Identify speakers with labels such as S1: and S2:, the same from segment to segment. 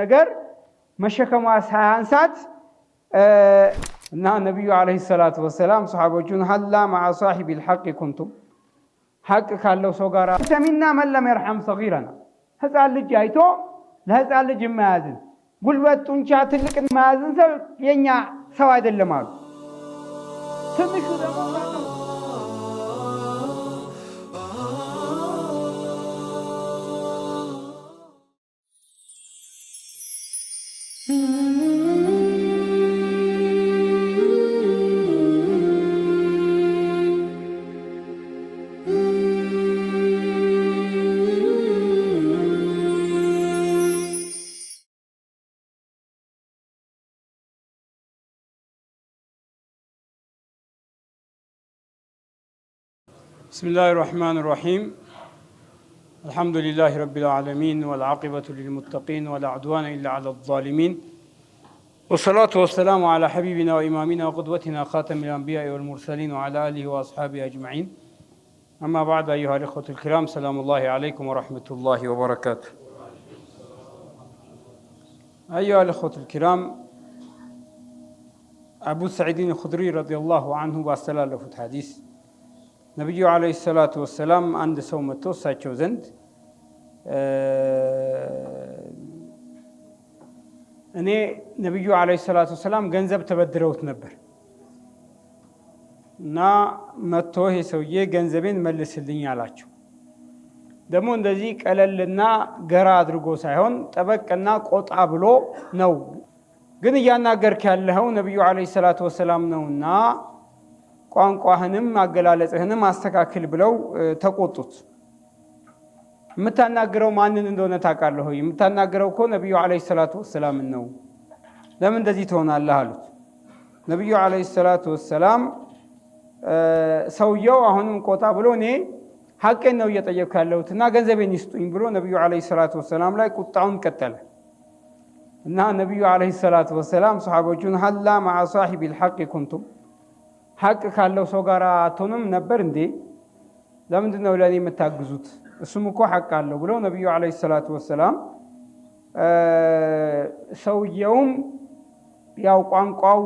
S1: ነገር መሸከሟ ሳያንሳት እና ነቢዩ ዓለይሂ ሰላቱ ወሰላም ሰሓቦቹን ሀላ ማዓ ሳሒብ ልሐቅ ኩንቱም ሐቅ ካለው ሰው ጋር ሰሚና መለም ለም የርሐም ሰጊረና ህፃን ልጅ አይቶ ለህፃን ልጅ የማያዝን ጉልበት ጡንቻ ትልቅን የማያዝን ሰው የእኛ ሰው አይደለም አሉ። ትንሹ ደግሞ
S2: بسم الله الرحمن الرحيم الحمد لله رب العالمين والعاقبة للمتقين ولا عدوان إلا على الظالمين والصلاة والسلام على حبيبنا وإمامنا وقدوتنا خاتم الأنبياء والمرسلين وعلى آله وأصحابه أجمعين أما بعد أيها الإخوة الكرام سلام الله عليكم ورحمة الله وبركاته أيها الإخوة الكرام أبو سعيد الخدري رضي الله عنه واستلال له في ነቢዩ ዓለይሂ ሰላቱ ወሰላም አንድ ሰው መጥቶ እሳቸው ዘንድ እኔ ነቢዩ ዓለይሂ ሰላቱ ወሰላም ገንዘብ ተበድረውት ነበር እና መጥቶ ይሄ ሰውዬ ገንዘቤን መልስልኝ አላቸው። ደግሞ እንደዚህ ቀለልና ገራ አድርጎ ሳይሆን ጠበቅና ቆጣ ብሎ ነው። ግን እያናገርክ ያለኸው ነቢዩ ዓለይሂ ሰላቱ ወሰላም ነውና ቋንቋህንም አገላለጽህንም አስተካክል ብለው ተቆጡት። የምታናግረው ማንን እንደሆነ ታውቃለህ? የምታናግረው እኮ ነቢዩ ዓለይሂ ሰላቱ ወሰላምን ነው። ለምን እንደዚህ ትሆናለህ? አሉት። ነቢዩ ዓለይሂ ሰላቱ ወሰላም ሰውየው አሁንም ቆጣ ብሎ እኔ ሀቄን ነው እየጠየቅኩ ያለሁት እና ገንዘቤን ይስጡኝ ብሎ ነቢዩ ዓለይሂ ሰላቱ ወሰላም ላይ ቁጣውን ቀጠለ እና ነቢዩ ዓለይሂ ሰላቱ ወሰላም ሰሓቦቹን ሀላ ማዓ ሳሒቢል ሐቂ ኩንቱም ሀቅ ካለው ሰው ጋር አትሆንም ነበር እንዴ? ለምንድን ነው ለእኔ የምታግዙት? እሱም እኮ ሀቅ አለው ብለው ነቢዩ ዓለይሂ ሰላቱ ወሰላም ሰውየውም ያው ቋንቋው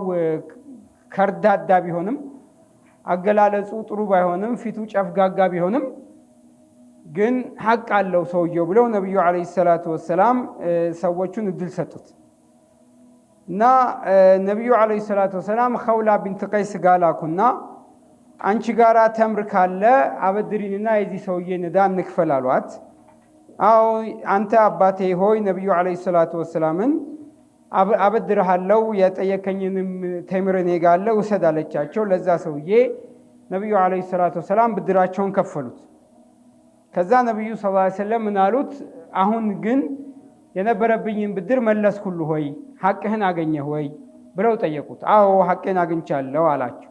S2: ከርዳዳ ቢሆንም አገላለጹ ጥሩ ባይሆንም ፊቱ ጨፍጋጋ ቢሆንም ግን ሀቅ አለው ሰውየው ብለው ነቢዩ ዓለይሂ ሰላቱ ወሰላም ሰዎቹን እድል ሰጡት። እና ነቢዩ ዓለይሂ ሰላቱ ወሰላም ኸውላ ቢንት ቀይስ ጋር ላኩና አንቺ ጋራ ተምር ካለ አበድሪንና የዚህ ሰውዬ ዕዳ እንክፈል አሏት። አዎ አንተ አባቴ ሆይ ነቢዩ ዓለይሂ ሰላቱ ወሰላምን አበድርሃለው የጠየከኝንም ተምር እኔ ጋር አለ ውሰድ አለቻቸው። ለዛ ሰውዬ ነቢዩ ዓለይሂ ሰላቱ ወሰላም ብድራቸውን ከፈሉት። ከዛ ነቢዩ ሰለላሁ ዓለይሂ ወሰለም ምን አሉት? አሁን ግን የነበረብኝን ብድር መለስኩሉ ሆይ ሐቅህን አገኘህ ወይ ብለው ጠየቁት። አዎ ሐቄን አግኝቻለሁ አላቸው።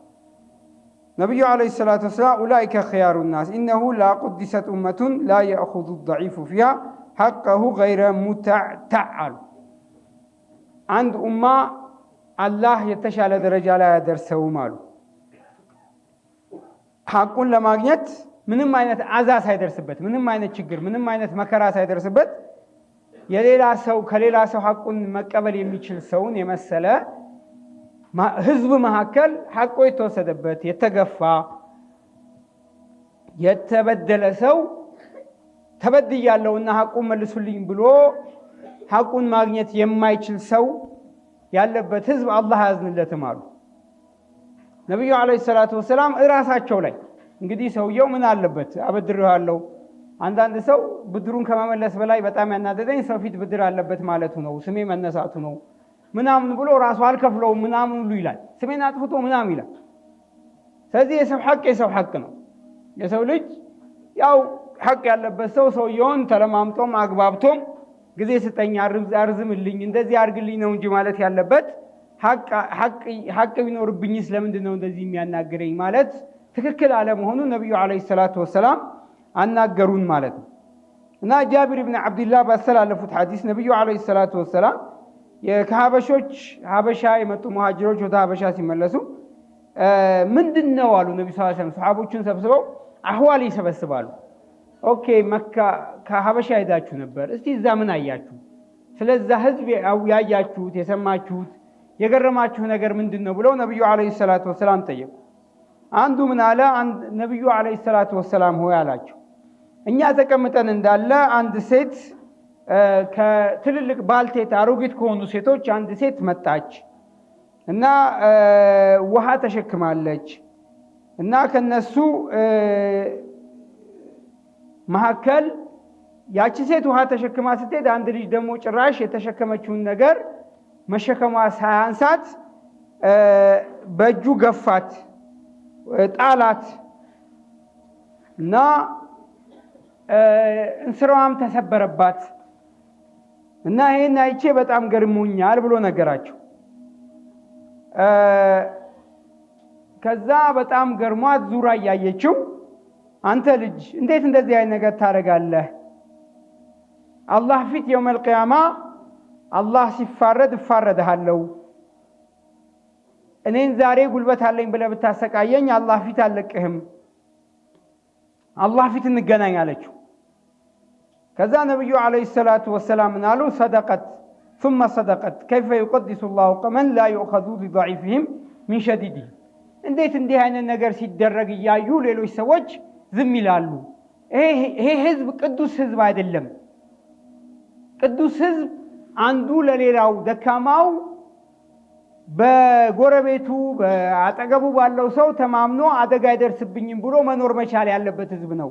S2: ነቢዩ ዓለይሂ ሰላቱ ወሰላም ኡላኢከ ኽያሩ ናስ ኢነሁ ላ ቁዲሰት ኡመቱን ላ የእኹዙ ደዒፉ ፊሃ ሐቀሁ ገይረ ሙተዕተዕ አሉ። አንድ ኡማ አላህ የተሻለ ደረጃ ላይ አያደርሰውም አሉ። ሐቁን ለማግኘት ምንም አይነት አዛ ሳይደርስበት፣ ምንም አይነት ችግር፣ ምንም አይነት መከራ ሳይደርስበት የሌላ ሰው ከሌላ ሰው ሐቁን መቀበል የሚችል ሰውን የመሰለ ህዝብ መካከል ሐቁ የተወሰደበት የተገፋ የተበደለ ሰው እና ሐቁን መልሱልኝ ብሎ ሐቁን ማግኘት የማይችል ሰው ያለበት ህዝብ አላህ አያዝንለትም አሉ ነቢዩ ዓለይሂ ሰላቱ ወሰላም እራሳቸው ላይ እንግዲህ ሰውየው ምን አለበት አበድሬዋለሁ አንዳንድ ሰው ብድሩን ከመመለስ በላይ በጣም ያናደደኝ ሰው ፊት ብድር አለበት ማለቱ ነው፣ ስሜ መነሳቱ ነው ምናምን ብሎ ራሱ አልከፍለውም ምናምን ሁሉ ይላል። ስሜን አጥፍቶ ምናምን ይላል። ስለዚህ የሰው ሐቅ የሰው ሐቅ ነው። የሰው ልጅ ያው ሐቅ ያለበት ሰው ሰውየውን ተለማምጦም አግባብቶም ጊዜ ስጠኛ አርዝምልኝ፣ እንደዚህ አርግልኝ ነው እንጂ ማለት ያለበት ሐቅ ቢኖርብኝስ ስለምንድን ነው እንደዚህ የሚያናግረኝ ማለት ትክክል አለመሆኑ ነቢዩ ዓለይሂ ሰላቱ ወሰላም አናገሩን ማለት ነው። እና ጃቢር ብን ዓብድላህ ባስተላለፉት ሐዲስ ነቢዩ ዓለይሂ ሰላቱ ወሰላም ከሀበሾች ሀበሻ የመጡ መሃጅሮች ወደ ሀበሻ ሲመለሱ ምንድን ነው አሉ ነቢ ስ ዐለይሂ ሰሓቦቹን ሰብስበው አህዋል ይሰበስባሉ። ኦኬ መካ ከሀበሻ ሄዳችሁ ነበር፣ እስቲ እዛ ምን አያችሁ? ስለዛ ህዝብ ያያችሁት፣ የሰማችሁት፣ የገረማችሁ ነገር ምንድን ነው ብለው ነቢዩ ዓለይሂ ሰላቱ ወሰላም ጠየቁ። አንዱ ምን አለ? ነቢዩ ዓለይሂ ሰላቱ ወሰላም ሆይ አላቸው እኛ ተቀምጠን እንዳለ አንድ ሴት ከትልልቅ ባልቴት አሮጊት ከሆኑ ሴቶች አንድ ሴት መጣች እና ውሃ ተሸክማለች እና ከነሱ መካከል ያቺ ሴት ውሃ ተሸክማ ስትሄድ አንድ ልጅ ደግሞ ጭራሽ የተሸከመችውን ነገር መሸከሟ ሳያንሳት በእጁ ገፋት፣ ጣላት እና እንስራዋም ተሰበረባት እና ይህን አይቼ በጣም ገርሞኛል ብሎ ነገራቸው። ከዛ በጣም ገርሟት ዙራ እያየችው አንተ ልጅ እንዴት እንደዚህ አይነት ነገር ታደርጋለህ? አላህ ፊት የውመል ቅያማ አላህ ሲፋረድ እፋረድሃለሁ። እኔን ዛሬ ጉልበት አለኝ ብለህ ብታሰቃየኝ አላህ ፊት አልለቅህም። አላህ ፊት እንገናኝ አለችው። ከዛ ነቢዩ ዓለይሂ ሰላቱ ወሰላም ምን አሉ? ሰደቀት ሱመ ሰደቀት ከይፈ ዩቀድሱ ላሁ ቀመን ላ ዩእኸዙ ቢደዒፍህም ሚን ሸዲዲ። እንዴት እንዲህ አይነት ነገር ሲደረግ እያዩ ሌሎች ሰዎች ዝም ይላሉ? ይሄ ህዝብ ቅዱስ ህዝብ አይደለም። ቅዱስ ህዝብ አንዱ ለሌላው ደካማው በጎረቤቱ በአጠገቡ ባለው ሰው ተማምኖ አደጋ አይደርስብኝም ብሎ መኖር መቻል ያለበት ህዝብ ነው።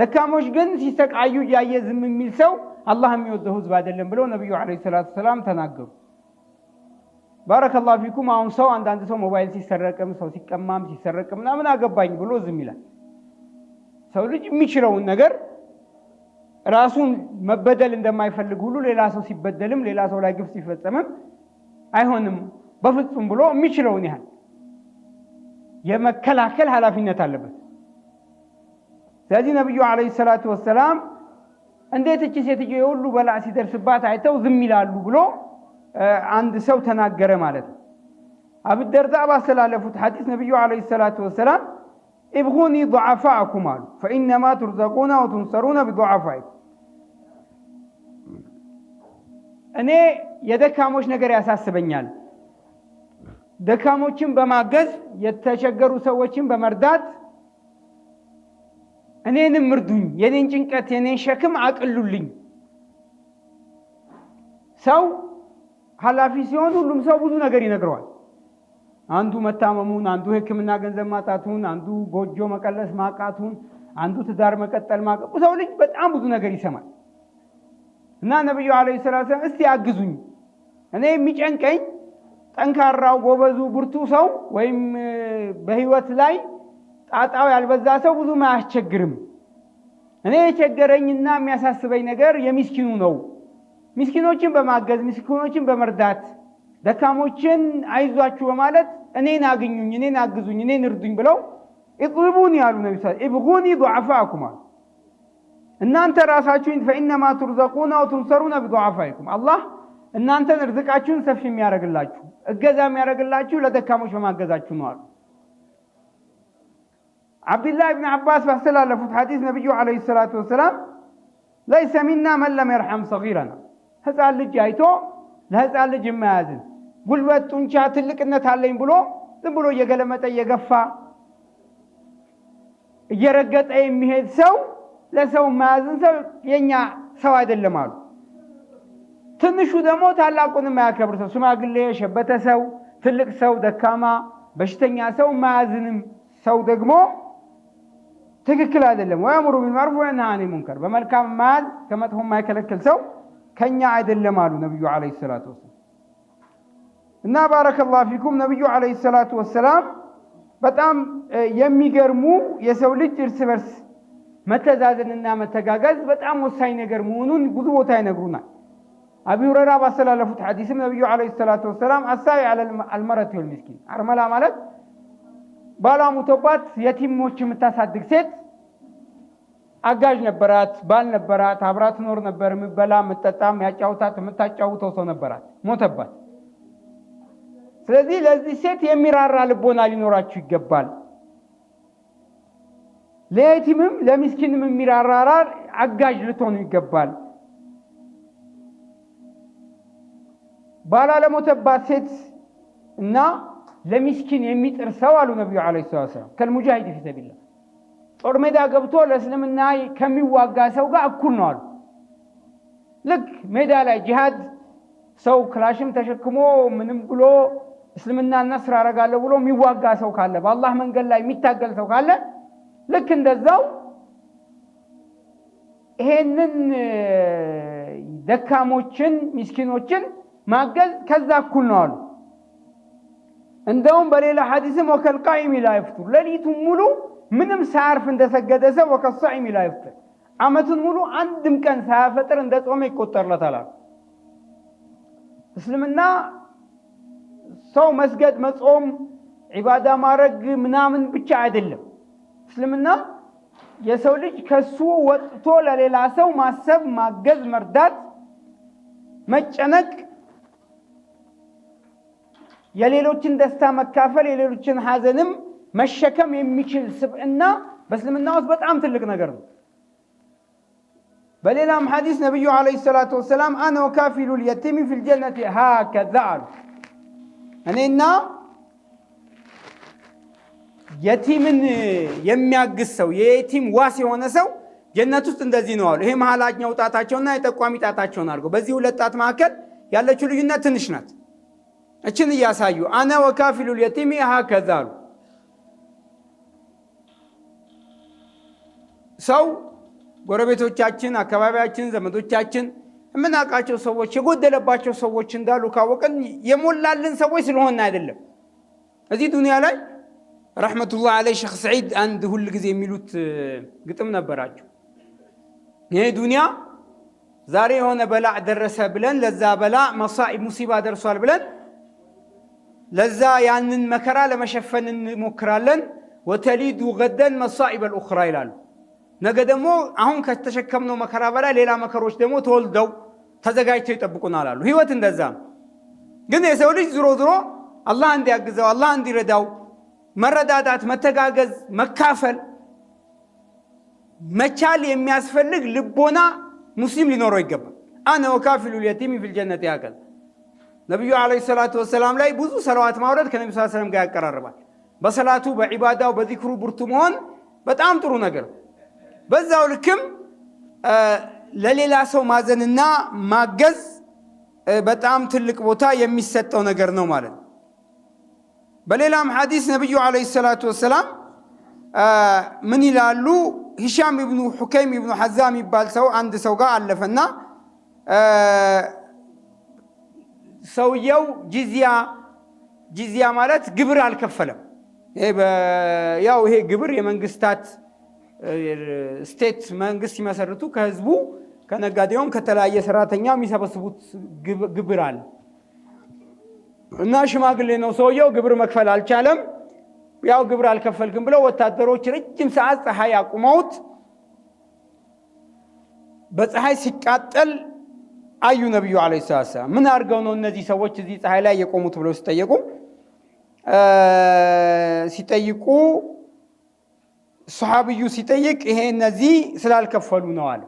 S2: ደካሞች ግን ሲሰቃዩ እያየ ዝም የሚል ሰው አላህ የሚወደው ህዝብ አይደለም ብለው ነቢዩ ዓለይሂ ሰላቱ ሰላም ተናገሩ። ባረከላሁ ፊኩም። አሁን ሰው አንዳንድ ሰው ሞባይል ሲሰረቅም ሰው ሲቀማም ሲሰረቅም ምናምን አገባኝ ብሎ ዝም ይላል። ሰው ልጅ የሚችለውን ነገር ራሱን መበደል እንደማይፈልግ ሁሉ ሌላ ሰው ሲበደልም ሌላ ሰው ላይ ግፍ ሲፈጸምም አይሆንም በፍጹም ብሎ የሚችለውን ያህል የመከላከል ኃላፊነት አለበት። ስለዚህ ነቢዩ ዓለይሂ ሰላቱ ወሰላም እንዴት እቺ ሴትዮ የሁሉ በላ ሲደርስባት አይተው ዝም ይላሉ ብሎ አንድ ሰው ተናገረ ማለት ነው። ደርዛ ባስተላለፉት ሐዲስ ነቢዩ ዓለይሂ ሰላቱ ወሰላም ኢብኹኒ ዱዓፋአኩም አሉ። ፈኢነማ ቱርዘቁና ወቱንሰሩነ ቢዱዓፋኢኩም እኔ የደካሞች ነገር ያሳስበኛል። ደካሞችን በማገዝ የተቸገሩ ሰዎችን በመርዳት እኔንም እርዱኝ፣ የኔን ጭንቀት የኔን ሸክም አቅሉልኝ። ሰው ኃላፊ ሲሆን ሁሉም ሰው ብዙ ነገር ይነግረዋል። አንዱ መታመሙን፣ አንዱ ሕክምና ገንዘብ ማጣቱን፣ አንዱ ጎጆ መቀለስ ማቃቱን፣ አንዱ ትዳር መቀጠል ማቀቁ። ሰው ልጅ በጣም ብዙ ነገር ይሰማል እና ነቢዩ ዓለይሂ ሰላቱ ሰላም እስቲ አግዙኝ፣ እኔ የሚጨንቀኝ ጠንካራው ጎበዙ ብርቱ ሰው ወይም በህይወት ላይ ጣጣው ያልበዛ ሰው ብዙም አያስቸግርም። እኔ የቸገረኝና የሚያሳስበኝ ነገር የሚስኪኑ ነው። ሚስኪኖችን በማገዝ ሚስኪኖችን በመርዳት ደካሞችን አይዟችሁ በማለት እኔን አግኙኝ፣ እኔን አግዙኝ፣ እኔን እርዱኝ ብለው ኢጥልቡኒ ያሉ ነቢ ስ ኢብጉኒ ዱዓፋአኩም አሉ። እናንተ ራሳችሁን ፈኢነማ ቱርዘቁና ወቱንሰሩነ ቢዱዓፋይኩም አላህ እናንተን እርዝቃችሁን ሰፊ የሚያደርግላችሁ እገዛ የሚያደርግላችሁ ለደካሞች በማገዛችሁ ነው አሉ። ዓብድላህ ብን ዓባስ ባስተላለፉት ሐዲስ ነቢዩ ዓለይሂ ሰላቱ ወሰላም ለይሰ ሚና መን ለም የርሐም ሰጊረና ህፃን ልጅ አይቶ ለህፃን ልጅ የማያዝን ጉልበት፣ ጡንቻ፣ ትልቅነት አለኝ ብሎ ዝም ብሎ እየገለመጠ እየገፋ እየረገጠ የሚሄድ ሰው ለሰው የማያዝን ሰው የእኛ ሰው አይደለም አሉ። ትንሹ ደግሞ ታላቁን የማያከብር ሰው፣ ሽማግሌ፣ የሸበተ ሰው፣ ትልቅ ሰው፣ ደካማ፣ በሽተኛ ሰው የማያዝንም ሰው ደግሞ ትክክል አይደለም። ወያምሩ ቢልማዕሩፍ ወየንሃ ዐኒል ሙንከር በመልካም ማል ከመጥፎ የማይከለክል ሰው ከኛ አይደለም አሉ ነቢዩ ዐለይሂ ሰላቱ ወሰላም። እና ባረከላሁ ፊኩም ነቢዩ ዐለይሂ ሰላቱ ወሰላም በጣም የሚገርሙ የሰው ልጅ እርስ በርስ መተዛዘንና መተጋጋዝ በጣም ወሳኝ ነገር መሆኑን ብዙ ቦታ ይነግሩናል። አቢ ሁረራ ባስተላለፉት ሐዲስም ነቢዩ ዐለይሂ ሰላቱ ወሰላም አሳይ ዐለል መረቲ ወል አርመላ ማለት ባሏ ሙቶባት የቲሞች የምታሳድግ ሴት አጋዥ ነበራት፣ ባል ነበራት፣ አብራ ትኖር ነበር። የምበላ የምጠጣም ያጫውታት የምታጫውተው ሰው ነበራት። ሞተባት። ስለዚህ ለዚህ ሴት የሚራራ ልቦና ሊኖራችሁ ይገባል። ለየቲምም ለሚስኪንም የሚራራራ አጋዥ ልትሆኑ ይገባል። ባሏ ለሞተባት ሴት እና ለሚስኪን የሚጥር ሰው አሉ ነቢዩ ዓለይሂ ሰላም ከልሙጃሂድ ፊ ሰቢላ ጦር ሜዳ ገብቶ ለእስልምና ከሚዋጋ ሰው ጋር እኩል ነው አሉ። ልክ ሜዳ ላይ ጂሃድ ሰው ክላሽም ተሸክሞ ምንም ብሎ እስልምና ነስር አረጋለሁ ብሎ የሚዋጋ ሰው ካለ በአላህ መንገድ ላይ የሚታገል ሰው ካለ ልክ እንደዛው ይሄንን ደካሞችን፣ ሚስኪኖችን ማገዝ ከዛ እኩል ነው አሉ። እንደውም በሌላ ሐዲስም ወከልቃኢሚ ላ ይፍጡር ሌሊቱን ሙሉ ምንም ሳያርፍ እንደሰገደ ሰው ወከሳኢሚ ላ አመቱን ሙሉ አንድም ቀን ሳያፈጥር እንደ ጾመ ይቆጠርለታል። እስልምና ሰው መስገድ፣ መጾም፣ ዒባዳ ማድረግ ምናምን ብቻ አይደለም። እስልምና የሰው ልጅ ከሱ ወጥቶ ለሌላ ሰው ማሰብ፣ ማገዝ፣ መርዳት፣ መጨነቅ የሌሎችን ደስታ መካፈል የሌሎችን ሐዘንም መሸከም የሚችል ስብዕና በእስልምና ውስጥ በጣም ትልቅ ነገር ነው። በሌላም ሐዲስ ነቢዩ ዓለይሂ ሰላቱ ወሰላም አነ ወካፊሉ ልየቲሚ ፊል ሃከዛ አሉ። እኔና የቲምን የሚያግዝ ሰው የቲም ዋስ የሆነ ሰው ጀነት ውስጥ እንደዚህ ነው አሉ። ይሄ መሀላኛው ጣታቸውና የጠቋሚ ጣታቸውን አድርገው በዚህ ሁለት ጣት መካከል ያለችው ልዩነት ትንሽ ናት። እችን እያሳዩ አነ ወካፊሉ ልየቲሚ ሀከዛ አሉ። ሰው ጎረቤቶቻችን፣ አካባቢያችን፣ ዘመዶቻችን የምናውቃቸው ሰዎች የጎደለባቸው ሰዎች እንዳሉ ካወቅን የሞላልን ሰዎች ስለሆን አይደለም። እዚህ ዱንያ ላይ ረሕመቱላህ አለይ ሸክ ሰዒድ አንድ ሁል ጊዜ የሚሉት ግጥም ነበራቸው። ይህ ዱንያ ዛሬ የሆነ በላዕ ደረሰ ብለን ለዛ በላዕ መሳኢብ ሙሲባ ደርሷል ብለን ለዛ ያንን መከራ ለመሸፈን እንሞክራለን። ወተሊዱ ገደን መሳኢበል ኡኽራ ይላሉ። ነገ ደግሞ አሁን ከተሸከምነው መከራ በላይ ሌላ መከሮች ደግሞ ተወልደው ተዘጋጅተው ይጠብቁናል አሉ። ህይወት እንደዛ ግን የሰው ልጅ ዝሮ ዝሮ አላህ እንዲያግዘው አላህ እንዲረዳው መረዳዳት፣ መተጋገዝ፣ መካፈል መቻል የሚያስፈልግ ልቦና ሙስሊም ሊኖረው ይገባል። አነ ወካፊሉ ልየቲም ፊልጀነት ያከል ነቢዩ ዓለይሂ ሰላቱ ወሰላም ላይ ብዙ ሰለዋት ማውረድ ከነቢ ሰላም ጋር ያቀራርባል። በሰላቱ በዒባዳው በዚክሩ ብርቱ መሆን በጣም ጥሩ ነገር፣ በዛው ልክም ለሌላ ሰው ማዘንና ማገዝ በጣም ትልቅ ቦታ የሚሰጠው ነገር ነው ማለት ነው። በሌላም ሐዲስ ነቢዩ ዓለይሂ ሰላቱ ወሰላም ምን ይላሉ? ሂሻም ብኑ ሑከይም ብኑ ሐዛም የሚባል ሰው አንድ ሰው ጋር አለፈና ሰውየው ጂዚያ ጂዚያ ማለት ግብር አልከፈለም። ያው ይሄ ግብር የመንግስታት ስቴት መንግስት ሲመሰርቱ ከህዝቡ ከነጋዴውም ከተለያየ ሰራተኛ የሚሰበስቡት ግብር አለ እና ሽማግሌ ነው ሰውየው፣ ግብር መክፈል አልቻለም። ያው ግብር አልከፈልክም ብለው ወታደሮች ረጅም ሰዓት ፀሐይ አቁመውት በፀሐይ ሲቃጠል አዩ ነቢዩ አለ ሰላት ምን አድርገው ነው እነዚህ ሰዎች እዚህ ፀሐይ ላይ የቆሙት ብለው ሲጠየቁ ሲጠይቁ ሰሓብዩ ሲጠይቅ ይሄ እነዚህ ስላልከፈሉ ነው አለ።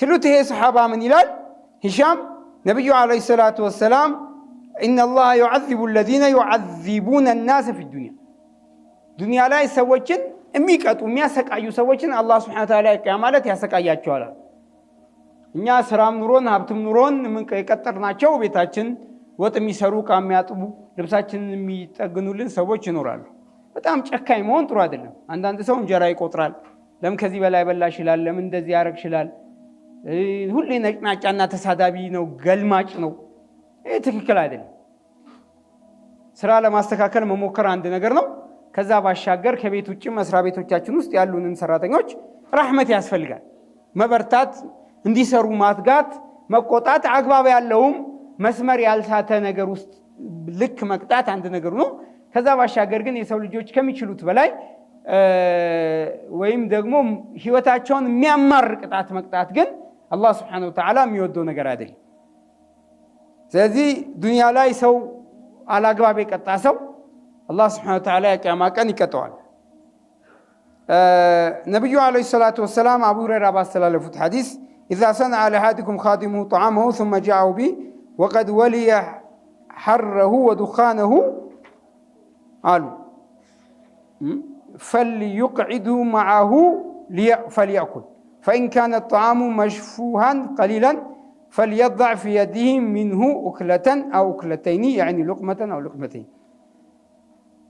S2: ሲሉት ይሄ ሰሓባ ምን ይላል? ሂሻም ነቢዩ አለ ሰላት ወሰላም ኢነላሃ ዩዓዚቡ ለዚነ ዩዓዚቡነ ናሰ ፊ ዱንያ ዱንያ ላይ ሰዎችን የሚቀጡ የሚያሰቃዩ ሰዎችን አላህ ስብሓነ ተዓላ ማለት ያሰቃያቸዋል። እኛ ስራም ኑሮን ሀብትም ኑሮን የቀጠርናቸው ቤታችን ወጥ የሚሰሩ እቃ የሚያጥቡ ልብሳችንን የሚጠግኑልን ሰዎች ይኖራሉ። በጣም ጨካኝ መሆን ጥሩ አይደለም። አንዳንድ ሰው እንጀራ ይቆጥራል። ለምን ከዚህ በላይ በላ ይችላል? ለምን እንደዚህ ያደረግ ይችላል። ሁሌ ነጭናጫና ተሳዳቢ ነው፣ ገልማጭ ነው። ይህ ትክክል አይደለም። ስራ ለማስተካከል መሞከር አንድ ነገር ነው። ከዛ ባሻገር ከቤት ውጭ መስሪያ ቤቶቻችን ውስጥ ያሉንን ሰራተኞች ራህመት ያስፈልጋል መበርታት እንዲሰሩ ማትጋት መቆጣት አግባብ ያለውም መስመር ያልሳተ ነገር ውስጥ ልክ መቅጣት አንድ ነገሩ ነው። ከዛ ባሻገር ግን የሰው ልጆች ከሚችሉት በላይ ወይም ደግሞ ህይወታቸውን የሚያማር ቅጣት መቅጣት ግን አላህ ስብሐነሁ ወተዓላ የሚወደው ነገር አይደል። ስለዚህ ዱንያ ላይ ሰው አላግባብ የቀጣ ሰው አላህ ስብሐነሁ ወተዓላ የቂያማ ቀን ይቀጠዋል። ነቢዩ ዓለይሂ ሰላቱ ወሰላም አቡ ሁረይራ ባስተላለፉት ሐዲስ إذا صنع لأحدكم خادمه طعامه ثم جاءوا به وقد ولي حره ودخانه قالوا فليقعدوا معه فليأكل فإن كان الطعام مشفوها قليلا فليضع في يده منه أكلة أو أكلتين يعني لقمة أو لقمتين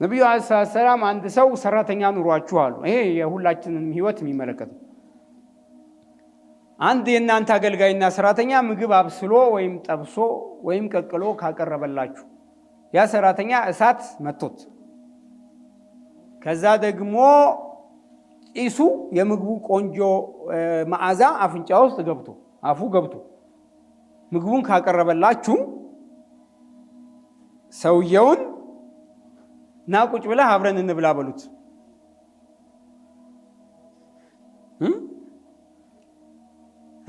S2: ነቢዩ ዐለይሂ ሰላም አንድ ሰው ሰራተኛ ኑሯችሁ አሉ። ይሄ የሁላችንም ህይወት የሚመለከት ነው። አንድ የእናንተ አገልጋይና ሰራተኛ ምግብ አብስሎ ወይም ጠብሶ ወይም ቀቅሎ ካቀረበላችሁ ያ ሰራተኛ እሳት መቶት ከዛ ደግሞ ጢሱ የምግቡ ቆንጆ መዓዛ አፍንጫ ውስጥ ገብቶ አፉ ገብቶ ምግቡን ካቀረበላችሁ ሰውየውን ና ቁጭ ብለህ አብረን እንብላ በሉት።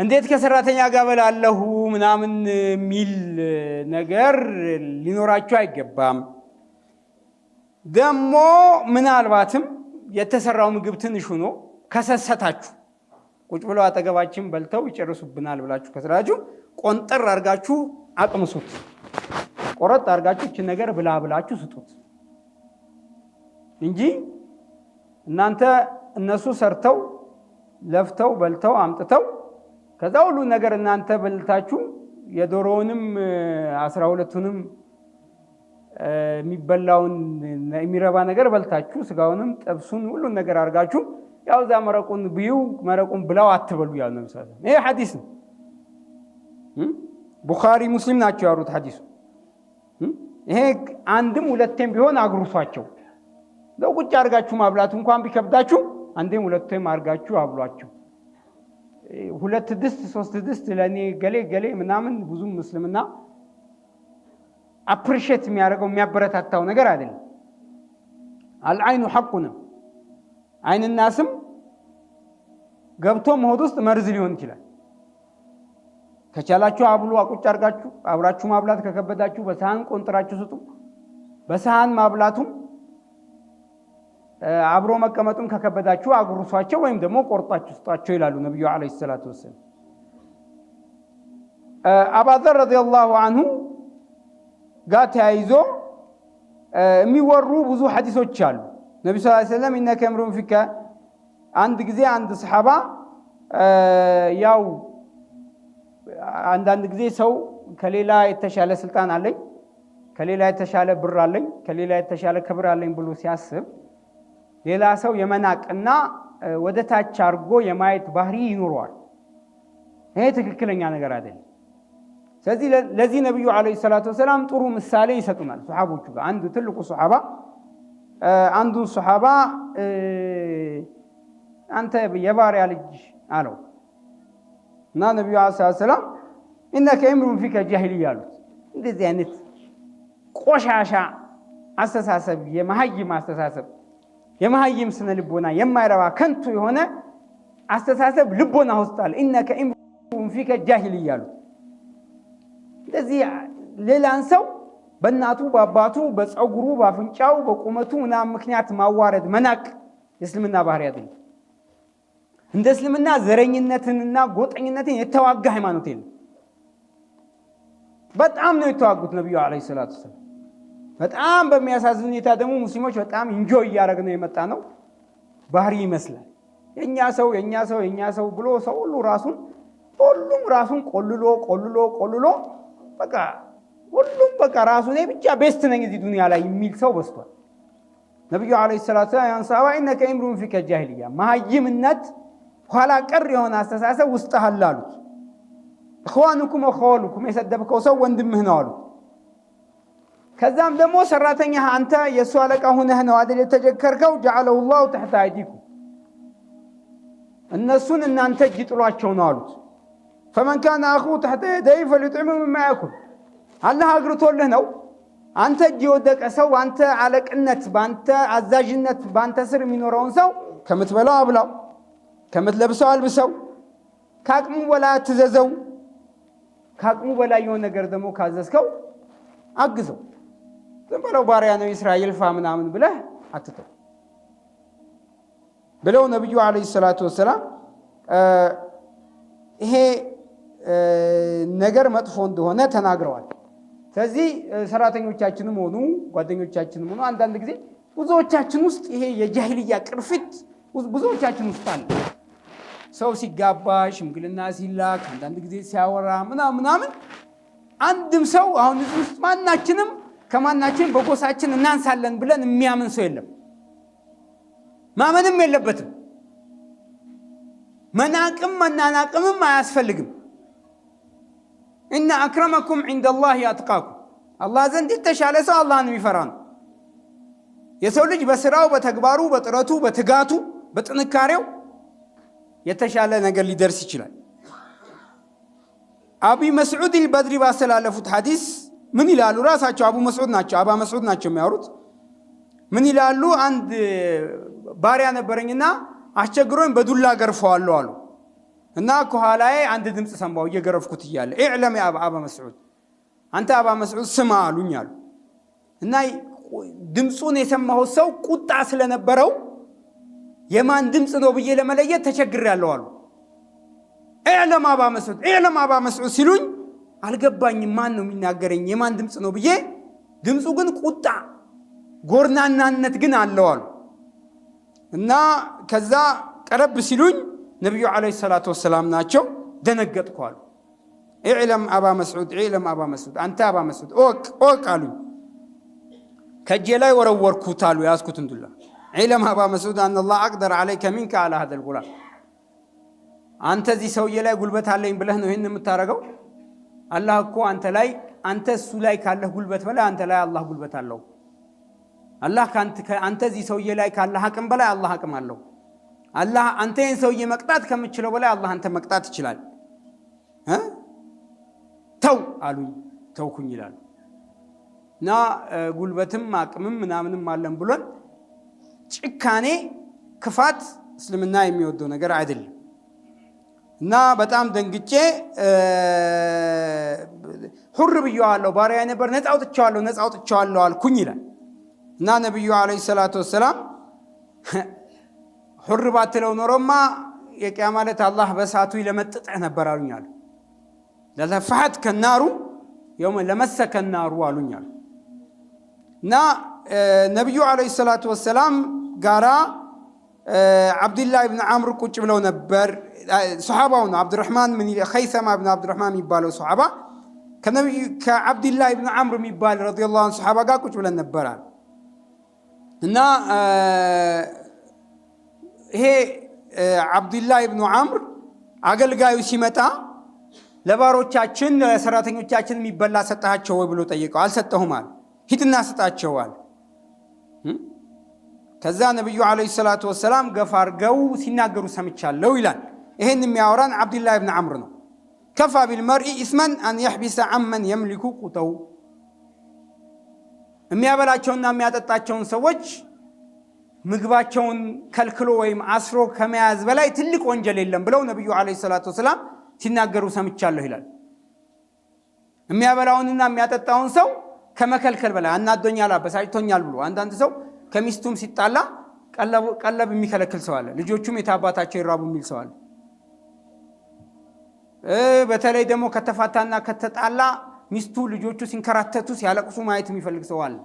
S2: እንዴት ከሰራተኛ ጋር በላለሁ ምናምን የሚል ነገር ሊኖራችሁ አይገባም። ደግሞ ምናልባትም የተሰራው ምግብ ትንሽ ሆኖ ከሰሰታችሁ ቁጭ ብለው አጠገባችን በልተው ይጨርሱብናል ብላችሁ ከስራችሁ ቆንጠር አርጋችሁ አቅምሱት። ቆረጥ አርጋችሁ እችን ነገር ብላ ብላችሁ ስጡት እንጂ እናንተ እነሱ ሰርተው ለፍተው በልተው አምጥተው ከዛ ሁሉ ነገር እናንተ በልታችሁ የዶሮውንም አስራ ሁለቱንም የሚበላውን የሚረባ ነገር በልታችሁ ስጋውንም ጥብሱን ሁሉን ነገር አድርጋችሁ ያው እዛ መረቁን ብዩ መረቁን ብላው አትበሉ ያሉ ይሄ ሐዲስ ነው። ቡኻሪ ሙስሊም ናቸው ያሉት ሐዲሱ። ይሄ አንድም ሁለቴም ቢሆን አጉርሷቸው ለው ቁጭ አድርጋችሁ ማብላቱ እንኳን ቢከብዳችሁ አንዴም ሁለቴም አድርጋችሁ አብሏቸው። ሁለት ድስት ሶስት ድስት ለእኔ ገሌ ገሌ ምናምን ብዙም ምስልምና አፕሪሼት የሚያደርገው የሚያበረታታው ነገር አይደለም። አልአይኑ ሐቁ ነው። አይንና ስም ገብቶም ሆድ ውስጥ መርዝ ሊሆን ይችላል። ከቻላችሁ አብሉ፣ አቁጭ አድርጋችሁ አብራችሁ ማብላት ከከበዳችሁ በሰሃን ቆንጥራችሁ ስጡ። በሰሃን ማብላቱም አብሮ መቀመጡም ከከበዳችሁ አጉርሷቸው ወይም ደግሞ ቆርጣችሁ ስጧቸው ይላሉ ነቢዩ ዓለይሂ ሰላቱ ወሰላም። አባዘር ረዲየላሁ አንሁ ጋር ተያይዞ የሚወሩ ብዙ ሐዲሶች አሉ። ነቢ ስ ሰለም ኢነከ ፊከ አንድ ጊዜ አንድ ሰሓባ ያው አንዳንድ ጊዜ ሰው ከሌላ የተሻለ ስልጣን አለኝ፣ ከሌላ የተሻለ ብር አለኝ፣ ከሌላ የተሻለ ክብር አለኝ ብሎ ሲያስብ ሌላ ሰው የመናቅና ወደ ታች አድርጎ የማየት ባህሪ ይኑረዋል። ይሄ ትክክለኛ ነገር አይደለም። ስለዚህ ለዚህ ነቢዩ ዓለይሂ ሰላቱ ወሰላም ጥሩ ምሳሌ ይሰጡናል። ሶሓቦቹ ጋር አንዱ ትልቁ ሶሓባ አንዱን ሶሓባ አንተ የባሪያ ልጅ አለው እና ነቢዩ ዓለይሂ ሰላቱ ወሰላም ኢነከ ኢምሩን ፊከ ጃሂልያ አሉት። እንደዚህ አይነት ቆሻሻ አስተሳሰብ የመሀይም አስተሳሰብ የመሀይም ስነ ልቦና የማይረባ ከንቱ የሆነ አስተሳሰብ ልቦና ውስጥ አለ። ኢነከ ኢምሩን ፊከ ጃሂል እያሉ እንደዚህ ሌላን ሰው በእናቱ በአባቱ በፀጉሩ በአፍንጫው በቁመቱ ምናምን ምክንያት ማዋረድ መናቅ የእስልምና ባህሪ አይደለም። እንደ እስልምና ዘረኝነትንና ጎጠኝነትን የተዋጋ ሃይማኖት የለም። በጣም ነው የተዋጉት ነቢዩ ዓለይሂ ሰላቱ ወሰላም በጣም በሚያሳዝን ሁኔታ ደግሞ ሙስሊሞች በጣም እንጆይ እያደረግነው የመጣ ነው ባህሪ ይመስላል። የእኛ ሰው የእኛ ሰው የእኛ ሰው ብሎ ሰው ሁሉ ራሱን ሁሉም ራሱን ቆልሎ ቆልሎ ቆልሎ በቃ ሁሉም በቃ ራሱ እኔ ብቻ ቤስት ነኝ እዚህ ዱኒያ ላይ የሚል ሰው በስቷል። ነቢዩ ዓለይሂ ሰላቱ ሰላም ያን ሰሃባ ኢነከ ኢምሩን ፊከ ጃሂልያ መሀይምነት፣ ኋላ ቀር የሆነ አስተሳሰብ ውስጥ አላሉት። እኸዋንኩም አኸዋሉኩም የሰደብከው ሰው ወንድምህ ነው አሉት። ከዛም ደግሞ ሰራተኛ አንተ የእሱ አለቃ ሁነህ ነው አደል የተጀከርከው? ጀዐለሁ ላሁ ተሕተ አይዲኩም እነሱን እናንተ እጅ ጥሏቸው ነው አሉት። ፈመን ካነ አኹሁ ተሕተ የደይ ፈሊጥዕሙ ምማ ያኩል አላህ አግርቶልህ ነው አንተ እጅ የወደቀ ሰው በአንተ አለቅነት፣ በአንተ አዛዥነት፣ በአንተ ስር የሚኖረውን ሰው ከምትበላው አብላው፣ ከምትለብሰው አልብሰው፣ ከአቅሙ በላይ አትዘዘው። ከአቅሙ በላይ የሆነ ነገር ደግሞ ካዘዝከው አግዘው። ዝም ብለው ባሪያ ነው እስራኤል ፋ ምናምን ብለህ አትተው ብለው ነቢዩ ዓለይሂ ሰላቱ ወሰላም ይሄ ነገር መጥፎ እንደሆነ ተናግረዋል። ስለዚህ ሰራተኞቻችንም ሆኑ ጓደኞቻችንም ሆኑ አንዳንድ ጊዜ ብዙዎቻችን ውስጥ ይሄ የጃሂልያ ቅርፊት ብዙዎቻችን ውስጥ አለ። ሰው ሲጋባ ሽምግልና ሲላክ አንዳንድ ጊዜ ሲያወራ ምናምን ምናምን አንድም ሰው አሁን እዚህ ውስጥ ማናችንም ከማናችን በጎሳችን እናንሳለን ብለን የሚያምን ሰው የለም። ማመንም የለበትም። መናቅም መናናቅምም አያስፈልግም። እና አክረመኩም ዒንደላህ አትቃኩም። አላህ ዘንድ የተሻለ ሰው አላህን የሚፈራ ነው። የሰው ልጅ በስራው፣ በተግባሩ፣ በጥረቱ፣ በትጋቱ፣ በጥንካሬው የተሻለ ነገር ሊደርስ ይችላል። አቢ መስዑድ አልበድሪ ባስተላለፉት ሐዲስ ምን ይላሉ? ራሳቸው አቡ መስዑድ ናቸው፣ አባ መስዑድ ናቸው የሚያወሩት። ምን ይላሉ? አንድ ባሪያ ነበረኝና አስቸግሮኝ በዱላ ገርፈዋለሁ አሉ እና ከኋላዬ አንድ ድምፅ ሰማሁ እየገረፍኩት እያለ ኢዕለም አባ መስዑድ፣ አንተ አባ መስዑድ ስማ አሉኝ አሉ እና ድምፁን የሰማሁት ሰው ቁጣ ስለነበረው የማን ድምፅ ነው ብዬ ለመለየት ተቸግሬያለሁ አሉ። ኢዕለም አባ መስዑድ፣ ኢዕለም አባ መስዑድ ሲሉኝ አልገባኝም። ማን ነው የሚናገረኝ? የማን ድምፅ ነው ብዬ ድምፁ ግን ቁጣ ጎርናናነት ግን አለዋሉ። እና ከዛ ቀረብ ሲሉኝ ነቢዩ ዓለይሂ ሰላቱ ወሰላም ናቸው። ደነገጥኩ አሉ። ኢዕለም አባ መስዑድ ኢዕለም አባ መስዑድ አንተ አባ መስዑድ ኦቅ አሉኝ። ከእጄ ላይ ወረወርኩት አሉ ያዝኩት እንዱላ ኢዕለም አባ መስዑድ አነላህ አቅደር ዓለይከ ሚንከ አላ ሀዘል ጉላም አንተ እዚህ ሰውዬ ላይ ጉልበት አለኝ ብለህ ነው ይህን የምታደርገው አላህ እኮ አንተ ላይ አንተ እሱ ላይ ካለህ ጉልበት በላይ አንተ ላይ አላህ ጉልበት አለው። አላህ አንተ እዚህ ሰውዬ ላይ ካለህ አቅም በላይ አላህ አቅም አለው። አላህ አንተ ይህን ሰውዬ መቅጣት ከምችለው በላይ አላህ አንተ መቅጣት ይችላል። ተው አሉኝ ተውኩኝ ይላሉ። እና ጉልበትም አቅምም ምናምንም አለን ብሎን ጭካኔ፣ ክፋት እስልምና የሚወደው ነገር አይደለም። እና በጣም ደንግጬ ሁር ብየዋለሁ፣ ባሪያ ነበር፣ ነፃ አውጥቼዋለሁ፣ ነፃ አውጥቼዋለሁ አልኩኝ ይላል። እና ነቢዩ ዓለይሂ ሰላቱ ወሰላም ሁር ባትለው ኖሮማ የቅያ ማለት አላህ በሳቱ ይለመጥጥህ ነበር አሉኛሉ። ለተፋሐት ከናሩ ከናሩ ለመሰ ከናሩ አሉኛሉ። እና ነቢዩ ዓለይሂ ሰላቱ ወሰላም ጋራ አብዱላህ ብን አምር ቁጭ ብለው ነበር። ሰሓባው ነው አብዱረሕማን ኸይሰማ ብን አብዱረሕማን የሚባለው ሰሓባ ከአብዱላህ ብን አምር የሚባል ረዲየላሁ ዐንሁ ሰሓባ ጋር ቁጭ ብለን ነበራል እና ይሄ አብዱላህ ብኑ አምር አገልጋዩ ሲመጣ ለባሮቻችን ለሰራተኞቻችን የሚበላ ሰጠሃቸው ወይ ብሎ ጠይቀው አልሰጠሁም አለ። ሂድና ስጣቸዋል ከዛ ነቢዩ ዓለይሂ ሰላቱ ወሰላም ገፋ አድርገው ሲናገሩ ሰምቻለሁ ይላል። ይህን የሚያወራን አብድላህ ብን አምር ነው። ከፋ ቢልመርኢ ኢስመን አን የሕቢሰ አመን የምሊኩ ቁተው የሚያበላቸውና የሚያጠጣቸውን ሰዎች ምግባቸውን ከልክሎ ወይም አስሮ ከመያዝ በላይ ትልቅ ወንጀል የለም ብለው ነቢዩ ዓለይሂ ሰላቱ ወሰላም ሲናገሩ ሰምቻለሁ ይላል። የሚያበላውንና የሚያጠጣውን ሰው ከመከልከል በላይ አናዶኛል፣ አበሳጭቶኛል ብሎ አንዳንድ ሰው ከሚስቱም ሲጣላ ቀለብ የሚከለክል ሰው አለ። ልጆቹም የታባታቸው ይራቡ የሚል ሰው አለ። በተለይ ደግሞ ከተፋታና ከተጣላ ሚስቱ ልጆቹ ሲንከራተቱ ሲያለቅሱ ማየት የሚፈልግ ሰው አለ።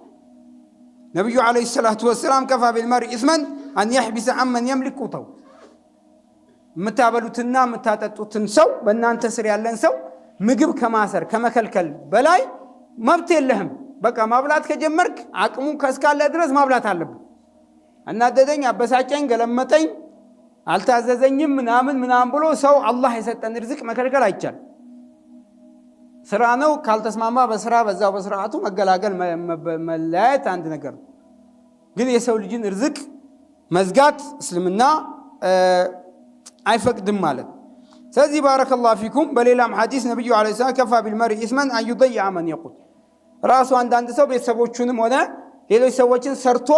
S2: ነቢዩ ዓለይሂ ሰላቱ ወሰላም ከፋ ቢልመርእ ኢስመን አን የሕቢሰ አመን የምሊክ ተው የምታበሉትና የምታጠጡትን ሰው በእናንተ ስር ያለን ሰው ምግብ ከማሰር ከመከልከል በላይ መብት የለህም። በቃ ማብላት ከጀመርክ አቅሙ ከስካለ ድረስ ማብላት አለብን። እናደደኝ፣ አበሳጨኝ፣ ገለመጠኝ፣ አልታዘዘኝም ምናምን ምናምን ብሎ ሰው አላህ የሰጠን ርዝቅ መከልከል አይቻል። ስራ ነው። ካልተስማማ በስራ በዛው በስርዓቱ መገላገል መለያየት አንድ ነገር ነው። ግን የሰው ልጅን ርዝቅ መዝጋት እስልምና አይፈቅድም ማለት። ስለዚህ ባረከ ፊኩም። በሌላም ሐዲስ ነቢዩ ለ ሰላም ከፋ ቢልመሪ ኢስመን አን ዩደይዐ መን የቁል ራሱ አንዳንድ ሰው ቤተሰቦቹንም ሆነ ሌሎች ሰዎችን ሰርቶ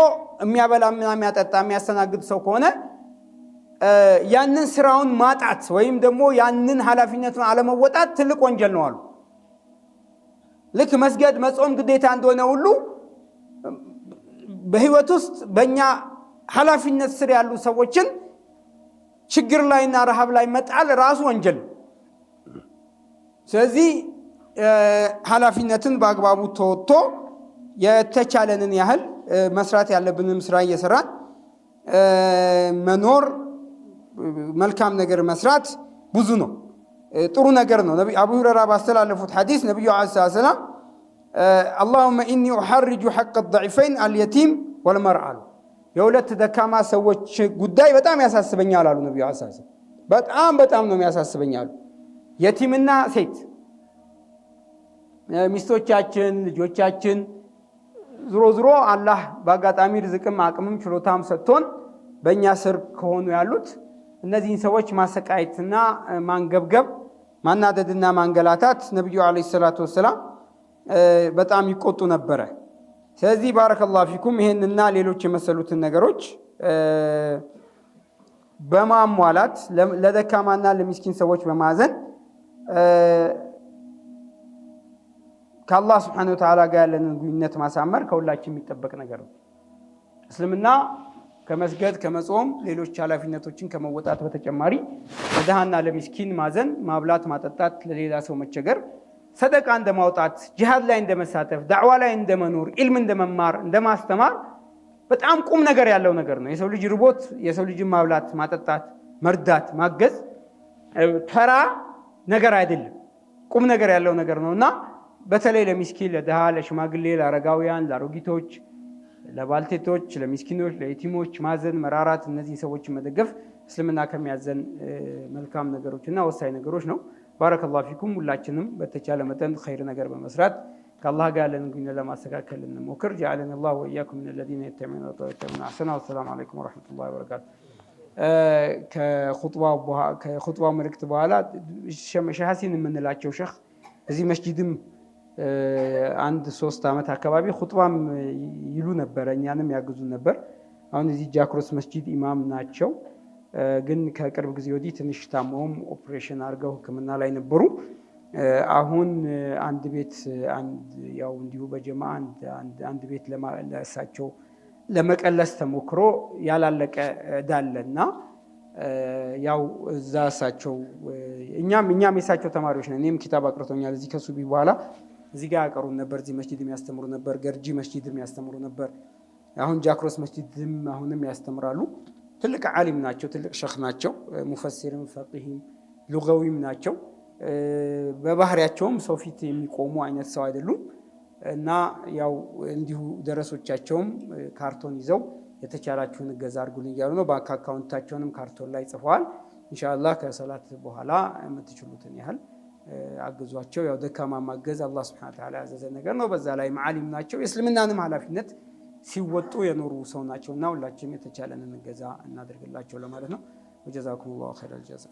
S2: የሚያበላና የሚያጠጣ የሚያስተናግድ ሰው ከሆነ ያንን ስራውን ማጣት ወይም ደግሞ ያንን ኃላፊነቱን አለመወጣት ትልቅ ወንጀል ነው አሉ። ልክ መስገድ መጾም ግዴታ እንደሆነ ሁሉ በህይወት ውስጥ በእኛ ኃላፊነት ስር ያሉ ሰዎችን ችግር ላይና ረሃብ ላይ መጣል ራሱ ወንጀል። ስለዚህ ኃላፊነትን በአግባቡ ተወጥቶ የተቻለንን ያህል መስራት ያለብንም ስራ እየሰራን መኖር መልካም ነገር መስራት ብዙ ነው፣ ጥሩ ነገር ነው። አቡ ሁረራ ባስተላለፉት ሐዲስ ነቢዩ ዐለይሂ ሰላም አላሁመ ኢኒ ኡሐርጁ ሐቅ ضዒፈይን አልየቲም ወልመርአሉ የሁለት ደካማ ሰዎች ጉዳይ በጣም ያሳስበኛል አሉ ነቢዩ ዐለይሂ ሰላም። በጣም በጣም ነው የሚያሳስበኛሉ የቲምና ሴት ሚስቶቻችን፣ ልጆቻችን ዝሮ ዝሮ አላህ በአጋጣሚ ርዝቅም አቅምም ችሎታም ሰጥቶን በእኛ ስር ከሆኑ ያሉት እነዚህን ሰዎች ማሰቃየትና ማንገብገብ ማናደድና ማንገላታት ነቢዩ ዓለይሂ ሰላቱ ወሰላም በጣም ይቆጡ ነበረ። ስለዚህ ባረከላሁ ፊኩም ይህንና ሌሎች የመሰሉትን ነገሮች በማሟላት ለደካማና ለሚስኪን ሰዎች በማዘን ከአላህ ስብሐነ ወተዓላ ጋር ያለንን ግንኙነት ማሳመር ከሁላችን የሚጠበቅ ነገር ነው። እስልምና ከመስገድ ከመጾም፣ ሌሎች ኃላፊነቶችን ከመወጣት በተጨማሪ ለድሃና ለሚስኪን ማዘን፣ ማብላት፣ ማጠጣት፣ ለሌላ ሰው መቸገር፣ ሰደቃ እንደማውጣት፣ ጅሃድ ላይ እንደመሳተፍ፣ ዳዕዋ ላይ እንደመኖር፣ ኢልም እንደመማር፣ እንደማስተማር በጣም ቁም ነገር ያለው ነገር ነው። የሰው ልጅ ርቦት የሰው ልጅን ማብላት፣ ማጠጣት፣ መርዳት፣ ማገዝ ተራ ነገር አይደለም። ቁም ነገር ያለው ነገር ነው እና በተለይ ለሚስኪን፣ ለድሃ፣ ለሽማግሌ፣ ለአረጋውያን፣ ለአሮጊቶች፣ ለባልቴቶች፣ ለሚስኪኖች፣ ለየቲሞች ማዘን፣ መራራት፣ እነዚህ ሰዎች መደገፍ እስልምና ከሚያዘን መልካም ነገሮች እና ወሳኝ ነገሮች ነው። ባረከላሁ ፊኩም። ሁላችንም በተቻለ መጠን ኸይር ነገር በመስራት ከአላህ ጋር ያለን ግንኙነት ለማስተካከል እንሞክር። ጀዐለኒ ላሁ ወእያኩም ምን ለዚነ የስተሚዑነ ቀውለ ፈየስተሚዑነ አሕሰነሁ። ወሰላሙ ዓለይኩም ወረሕመቱላሂ ወበረካቱ። ከኹጥባው መልእክት በኋላ ሸህ ሐሲን የምንላቸው ሸህ እዚህ መስጂድም አንድ ሶስት ዓመት አካባቢ ሁጥባም ይሉ ነበረ፣ እኛንም ያግዙ ነበር። አሁን እዚህ ጃክሮስ መስጂድ ኢማም ናቸው። ግን ከቅርብ ጊዜ ወዲህ ትንሽ ታመውም ኦፕሬሽን አድርገው ሕክምና ላይ ነበሩ። አሁን አንድ ቤት ያው እንዲሁ በጀማ አንድ ቤት ለእሳቸው ለመቀለስ ተሞክሮ ያላለቀ እዳለ እና ያው እዛ እሳቸው እኛም እኛም የእሳቸው ተማሪዎች ነን። እኔም ኪታብ አቅርቶኛል እዚህ ከሱቢ በኋላ እዚህ ጋር ያቀሩን ነበር። እዚህ መስጂድ የሚያስተምሩ ነበር። ገርጂ መስጂድ የሚያስተምሩ ነበር። አሁን ጃክሮስ መስጂድም አሁንም ያስተምራሉ። ትልቅ ዓሊም ናቸው። ትልቅ ሸክ ናቸው። ሙፈሲርም ፈቂህም ሉጋዊም ናቸው። በባህሪያቸውም ሰው ፊት የሚቆሙ አይነት ሰው አይደሉም እና ያው እንዲሁ ደረሶቻቸውም ካርቶን ይዘው የተቻላችሁን እገዛ አድርጉልኝ እያሉ ነው። ባንክ አካውንታቸውንም ካርቶን ላይ ጽፈዋል። እንሻላ ከሰላት በኋላ የምትችሉትን ያህል አግዟቸው። ያው ደካማ ማገዝ አላህ ስብሐነ ወተዓላ ያዘዘ ነገር ነው። በዛ ላይ መዓሊም ናቸው። የእስልምናንም ኃላፊነት ሲወጡ የኖሩ ሰው ናቸው እና ሁላችንም የተቻለንን እገዛ እናደርግላቸው ለማለት ነው። ወጀዛኩም ላሁ ኸይረል ጀዛ